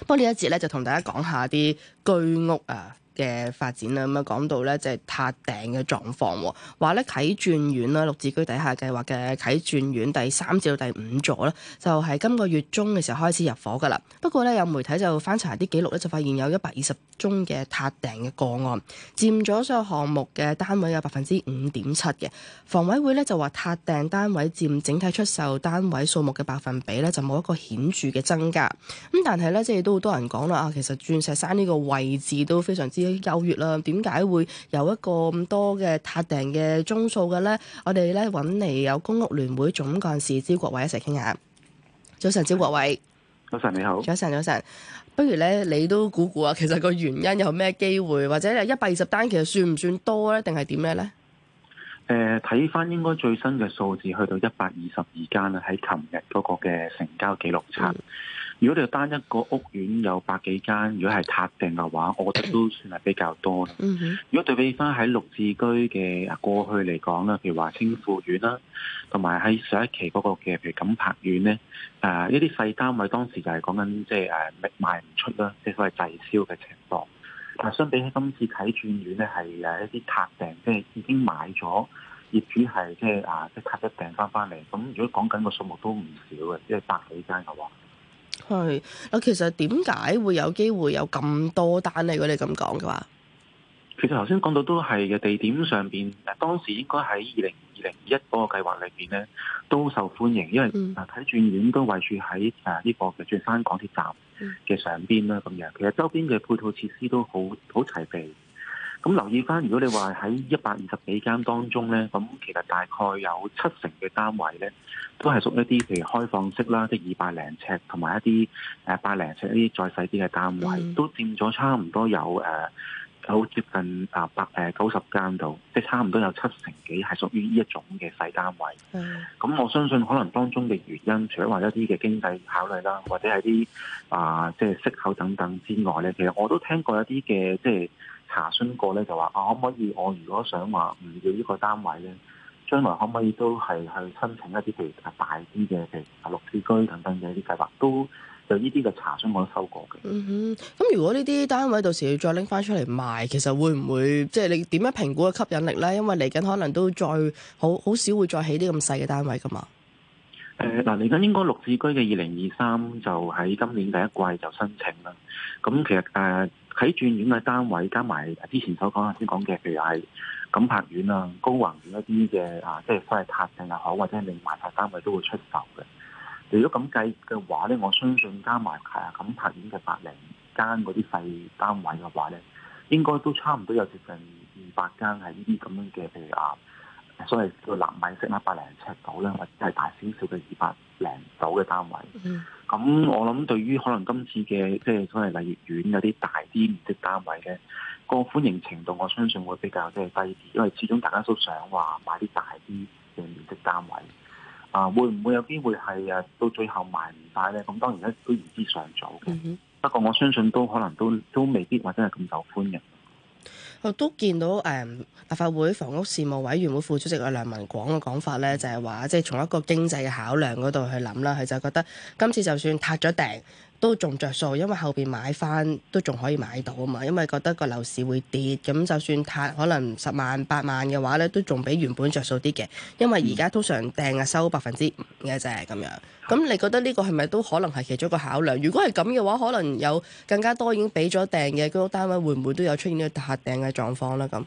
不過呢一節咧，就同大家講下啲居屋啊。嘅發展啦，咁樣講到咧就係撻訂嘅狀況，話咧啟鑽苑啦，綠置居底下計劃嘅啟鑽苑第三至到第五座啦，就係、是、今個月中嘅時候開始入伙噶啦。不過咧有媒體就翻查啲記錄咧，就發現有一百二十宗嘅撻訂嘅個案，佔咗所有項目嘅單位有百分之五點七嘅。房委會咧就話撻訂單位佔整體出售單位數目嘅百分比咧，就冇一個顯著嘅增加。咁但係咧，即係都好多人講啦啊，其實鑽石山呢個位置都非常之～有、哎、月亮點解會有一個咁多嘅撻訂嘅宗數嘅咧？我哋咧揾嚟有公屋聯會總幹事招國偉一齊傾下。早晨，招國偉。早晨你好。早晨早晨，不如咧你都估估啊？其實個原因有咩機會，或者係一百二十單，其實算唔算多咧？定係點咩咧？誒、呃，睇翻應該最新嘅數字，去到一百二十二間啊，喺琴日嗰個嘅成交記錄冊。嗯如果你單一個屋苑有百幾間，如果係撻訂嘅話，我覺得都算係比較多。Mm hmm. 如果對比翻喺綠置居嘅過去嚟講啦，譬如話青富苑啦，同埋喺上一期嗰、那個嘅譬如錦柏苑呢，啊呢啲細單位當時就係講緊即係誒賣唔出啦，即係所謂滯銷嘅情況。但相比起今次啟鑽苑呢，係有一啲撻訂，即、就、係、是、已經買咗業主係即係啊即係、就是、撻一訂翻翻嚟。咁如果講緊個數目都唔少嘅，即、就、係、是、百幾間嘅話。係，嗱，其實點解會有機會有咁多單咧？如果你咁講嘅話，其實頭先講到都係嘅地點上邊，當時應該喺二零二零二一嗰個計劃裏邊咧都受歡迎，因為嗱，啟鑽苑都位處喺誒呢個嘅鑽石山港鐵站嘅上邊啦，咁、嗯、樣，其實周邊嘅配套設施都好好齊備。咁留意翻，如果你話喺一百二十幾間當中咧，咁其實大概有七成嘅單位咧，都係屬一啲譬如開放式啦，即係二百零尺同埋一啲誒百零尺呢啲再細啲嘅單位，嗯、都佔咗差唔多有誒，有、呃、接近啊百誒九十間度，即係差唔多有七成幾係屬於呢一種嘅細單位。咁、嗯、我相信可能當中嘅原因，除咗話一啲嘅經濟考慮啦，或者係啲啊即係息口等等之外咧，其實我都聽過一啲嘅即係。查詢過咧就話啊，可唔可以我如果想話唔要呢個單位咧，將來可唔可以都係去申請一啲譬如，如大啲嘅譬如啊綠置居等等嘅一啲計劃，都有呢啲嘅查詢我都收過嘅。嗯哼，咁如果呢啲單位到時要再拎翻出嚟賣，其實會唔會即係、就是、你點樣評估個吸引力咧？因為嚟緊可能都再好好少會再起啲咁細嘅單位噶嘛。誒嗱、呃，嚟緊應該綠置居嘅二零二三就喺今年第一季就申請啦。咁、嗯、其實誒。呃喺轉院嘅單位，加埋之前所講頭先講嘅，譬如係錦柏苑啊、高宏苑一啲嘅啊，即係所謂撻訂又好，或者係另外一啲單位都會出售嘅。如果咁計嘅話咧，我相信加埋啊錦柏苑嘅百零間嗰啲細單位嘅話咧，應該都差唔多有接近二百間係呢啲咁樣嘅，譬如啊，所謂叫納米式啦，百零尺到咧，或者係大少少嘅二百零九嘅單位。嗯咁我諗對於可能今次嘅即係所謂麗園有啲大啲面積單位咧，個歡迎程度我相信會比較即係低啲，因為始終大家都想話買啲大啲嘅面積單位啊，會唔會有機會係啊到最後賣唔曬咧？咁當然咧都言之尚早嘅，不過我相信都可能都都未必話真係咁受歡迎。我都見到誒、立、um, 法會房屋事務委員會副主席阿梁文廣嘅講法咧，就係話即係從一個經濟嘅考量嗰度去諗啦，佢就覺得今次就算撻咗訂。都仲着數，因為後邊買翻都仲可以買到啊嘛，因為覺得個樓市會跌，咁就算撻，可能十萬八萬嘅話咧，都仲比原本着數啲嘅，因為而家通常訂啊收百分之五嘅啫咁樣。咁你覺得呢個係咪都可能係其中一個考量？如果係咁嘅話，可能有更加多已經俾咗訂嘅居屋單位，會唔會都有出現呢個撻訂嘅狀況啦？咁？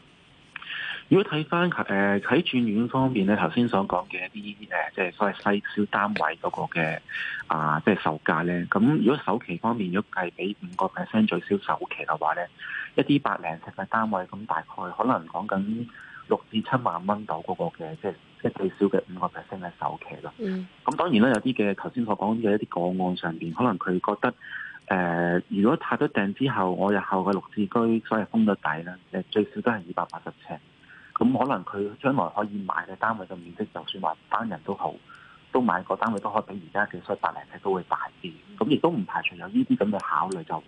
如果睇翻喺誒喺轉院方面咧，頭先所講嘅一啲誒，即係所謂細小單位嗰個嘅啊，即係售價咧。咁如果首期方面，如果計俾五個 percent 最少首期嘅話咧，一啲百零尺嘅單位，咁大概可能講緊六至七萬蚊到嗰個嘅，即係即係最少嘅五個 percent 嘅首期咯。咁、嗯、當然啦，有啲嘅頭先所講嘅一啲個案上邊，可能佢覺得誒、呃，如果撻咗訂之後，我日後嘅綠置居，所以封咗底啦。誒，最少都係二百八十尺。咁可能佢將來可以買嘅單位嘅面積，就算話單人都好，都買個單位都可以比而家嘅所以百零尺都會大啲。咁亦都唔排除有呢啲咁嘅考慮，就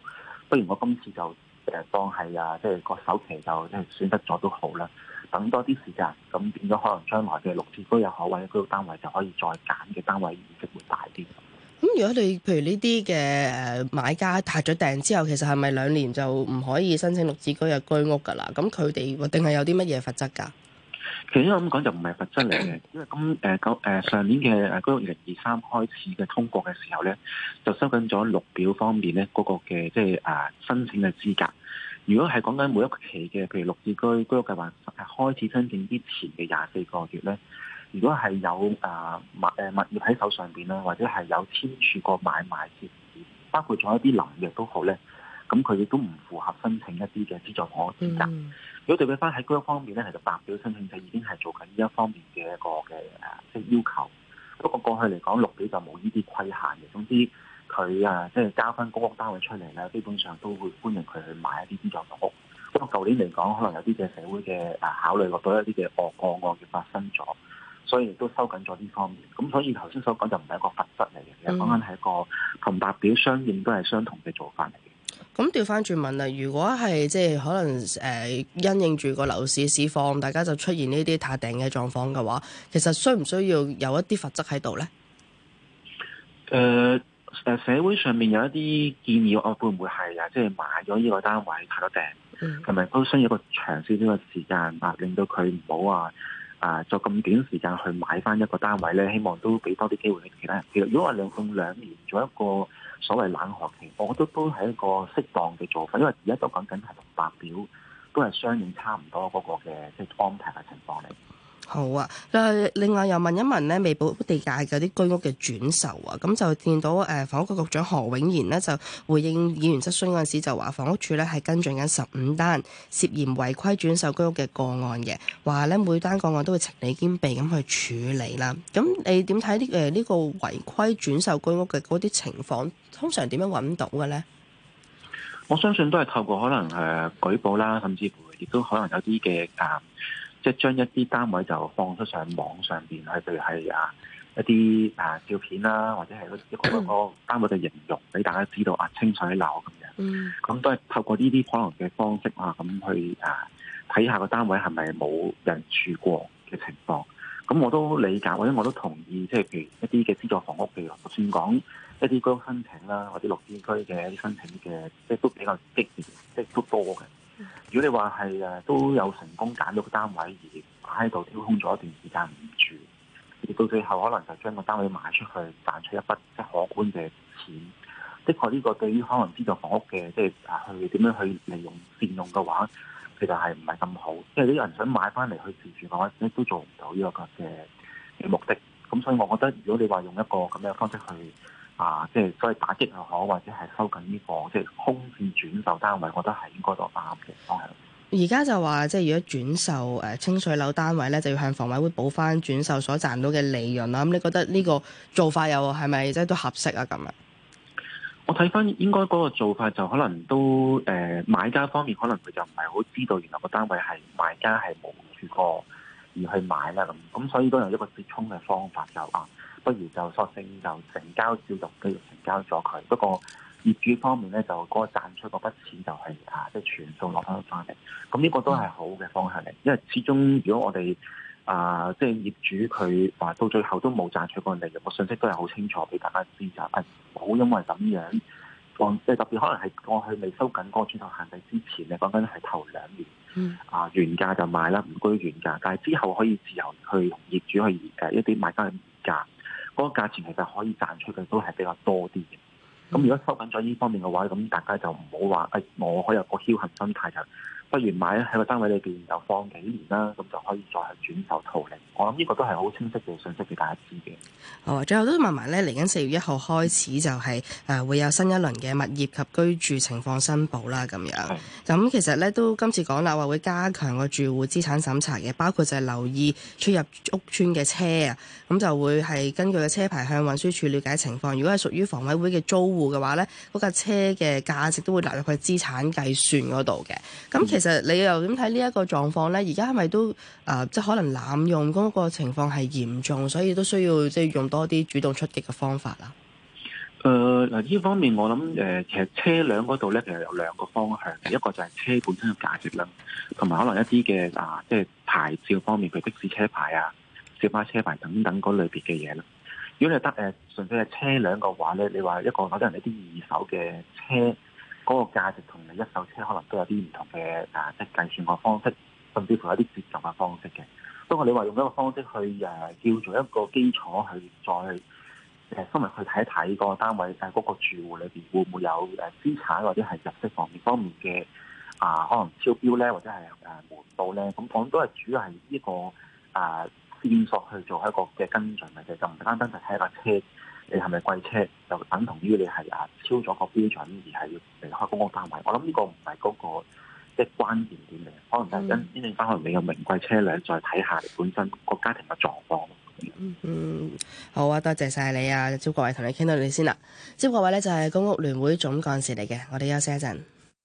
不如我今次就誒、呃、當係啊，即係個首期就即係選擇咗都好啦。等多啲時間，咁變咗可能將來嘅綠置居都有可為嘅嗰個單位就可以再揀嘅單位。如果你譬如呢啲嘅誒買家下咗訂之後，其實係咪兩年就唔可以申請綠置居嘅居屋㗎啦？咁佢哋定係有啲乜嘢罰則㗎？其實應該咁講就唔係罰則嚟嘅， 因為咁誒九誒上年嘅誒居屋二零二三開始嘅通過嘅時候咧，就收緊咗綠表方面咧嗰個嘅即係誒申請嘅資格。如果係講緊每一個期嘅，譬如綠置居居屋計劃開始申請之前嘅廿四個月咧。如果係有誒物誒物業喺手上邊啦，或者係有簽署過買賣協議，包括咗一啲臨約都好咧，咁佢亦都唔符合申請一啲嘅資助房屋嘅資格。嗯、如果對比翻喺居屋方面咧，其實白表申請者已經係做緊呢一方面嘅一個嘅誒即係要求。不過過去嚟講，綠表就冇呢啲規限嘅。總之佢誒即係加翻公屋單位出嚟咧，基本上都會歡迎佢去買一啲資助房屋。不過舊年嚟講，可能有啲嘅社會嘅誒考慮，落到一啲嘅惡惡個案嘅發生咗。所以都收緊咗呢方面，咁所以頭先所講就唔係一個罰則嚟嘅，其實講緊係一個同白表相應都係相同嘅做法嚟嘅。咁調翻轉問啦，如果係即係可能誒、呃，因應住個樓市市況，大家就出現呢啲撻訂嘅狀況嘅話，其實需唔需要有一啲罰則喺度咧？誒誒、呃，社會上面有一啲建議，我會唔會係啊？會會即係買咗呢個單位撻咗訂，係咪、嗯、都需要一個長少少嘅時間啊，令到佢唔好話。啊！就咁短時間去買翻一個單位咧，希望都俾多啲機會你其他人。其實如果話兩共兩年做一個所謂冷學期，我覺得都都係一個適當嘅做法，因為而家就講緊係同白表都係相應差唔多嗰個嘅即係安排嘅情況嚟。好啊！另外又問一問咧，未補地價嗰啲居屋嘅轉售啊，咁、嗯、就見到誒房屋局局長何永賢呢，就回應議員質詢嗰陣時就話，房屋處呢係跟進緊十五單涉嫌違規轉售居屋嘅個案嘅，話呢，每單個案都會情理兼備咁去處理啦。咁、嗯、你點睇呢？誒呢個違規轉售居屋嘅嗰啲情況，通常點樣揾到嘅呢？我相信都係透過可能誒舉報啦，甚至乎亦都可能有啲嘅即係將一啲單位就放出上網上邊，去，譬如係啊一啲啊照片啦，或者係一,一,一個單位嘅形容，俾大家知道啊清楚啲樓咁樣。咁、嗯嗯、都係透過呢啲可能嘅方式啊，咁去啊睇下個單位係咪冇人住過嘅情況。咁我都理解，或者我都同意，即係譬如一啲嘅資助房屋，譬如就算講一啲居屋申請啦，或者綠置居嘅一啲申請嘅，即係都比較激烈，即係都多嘅。如果你話係誒都有成功揀咗個單位而喺度丟空咗一段時間唔住，而到最後可能就將個單位賣出去賺出一筆即係可觀嘅錢，的確呢個對於可能資助房屋嘅即係誒去點樣去利用善用嘅話，其實係唔係咁好，因為啲人想買翻嚟去自住嘅話，你都做唔到呢個嘅嘅目的。咁所以我覺得如果你話用一個咁樣嘅方式去。啊，即係所以打擊又好，或者係收緊呢、這個即係空置轉售單位，我覺得係應該都啱嘅方向。而家就話即係如果轉售誒、啊、清水樓單位咧，就要向房委會補翻轉售所賺到嘅利潤啦。咁你覺得呢個做法又係咪即係都合適啊？咁樣？我睇翻應該嗰個做法就可能都誒、呃、買家方面可能佢就唔係好知道原來個單位係賣家係冇住過而去買啦咁，咁所以都有一個折衷嘅方法就啱。不如就索性就成交照入，繼續成交咗佢。不過業主方面咧，就嗰個賺取嗰筆錢就係、是、啊，即、就、係、是、全數攞翻翻嚟。咁、嗯、呢個都係好嘅方向嚟，因為始終如果我哋啊，即、就、係、是、業主佢話到最後都冇賺取過利嘅，個信息都係好清楚俾大家知就係，好、啊、因為咁樣過，即、啊、係特別可能係過去未收緊嗰個轉頭限制之前你講緊係頭兩年、嗯、啊原價就賣啦，唔拘原價，但係之後可以自由去同業主去議價、啊、一啲賣家嘅議價。嗰個價錢其實可以賺出嘅都係比較多啲嘅，咁如果收緊咗呢方面嘅話，咁大家就唔好話，誒、哎，我可以有個僥倖心態就。不如買喺個單位裏邊就放幾年啦，咁就可以再去轉售套利。我諗呢個都係好清晰嘅信息俾大家知嘅。哦，最後都問埋咧，嚟緊四月一號開始就係、是、誒、呃、會有新一輪嘅物業及居住情況申報啦，咁樣。咁是、嗯、其實咧都今次講啦，話會加強個住戶資產審查嘅，包括就係留意出入屋邨嘅車啊，咁、嗯、就會係根據個車牌向運輸署了解情況。如果係屬於房委會嘅租戶嘅話咧，嗰、那、架、個、車嘅價值都會納入佢資產計算嗰度嘅。咁、嗯。其實你又點睇呢一個狀況咧？而家係咪都誒、呃，即係可能濫用嗰個情況係嚴重，所以都需要即係用多啲主動出擊嘅方法啦。誒、呃，嗱，呢方面我諗誒、呃，其實車輛嗰度咧，其實有兩個方向嘅，一個就係車本身嘅價值啦，同埋可能一啲嘅啊，即係牌照方面，譬如的士車牌啊、小巴車牌等等嗰類別嘅嘢啦。如果你得誒純、呃、粹係車輛嘅話咧，你話一個可能一啲二手嘅車。嗰個價值同你一手車可能都有啲唔同嘅啊，即係計算嘅方式，甚至乎有啲節奏嘅方式嘅。不過你話用一個方式去誒、啊，叫做一個基礎去再、啊、去誒深入去睇一睇嗰個單位誒嗰、就係、個住戶裏邊會唔會有誒資產或者係入息方面方面嘅啊，可能超標咧，或者係誒、啊、門道咧。咁講都係主要係呢個啊線索去做一個嘅跟進，就係、係、唔單單係睇架車。你係咪貴車，就等同於你係啊超咗個標準而係要離開公屋單位？我諗呢個唔係嗰個即係關鍵點嚟，可能等係先等陣先，你啲翻去你個名貴車輛，再睇下你本身個家庭嘅狀況。嗯，好啊，多謝晒你啊，招國偉同你傾到你先啦。招國偉咧就係公屋聯會總幹事嚟嘅，我哋休息一陣。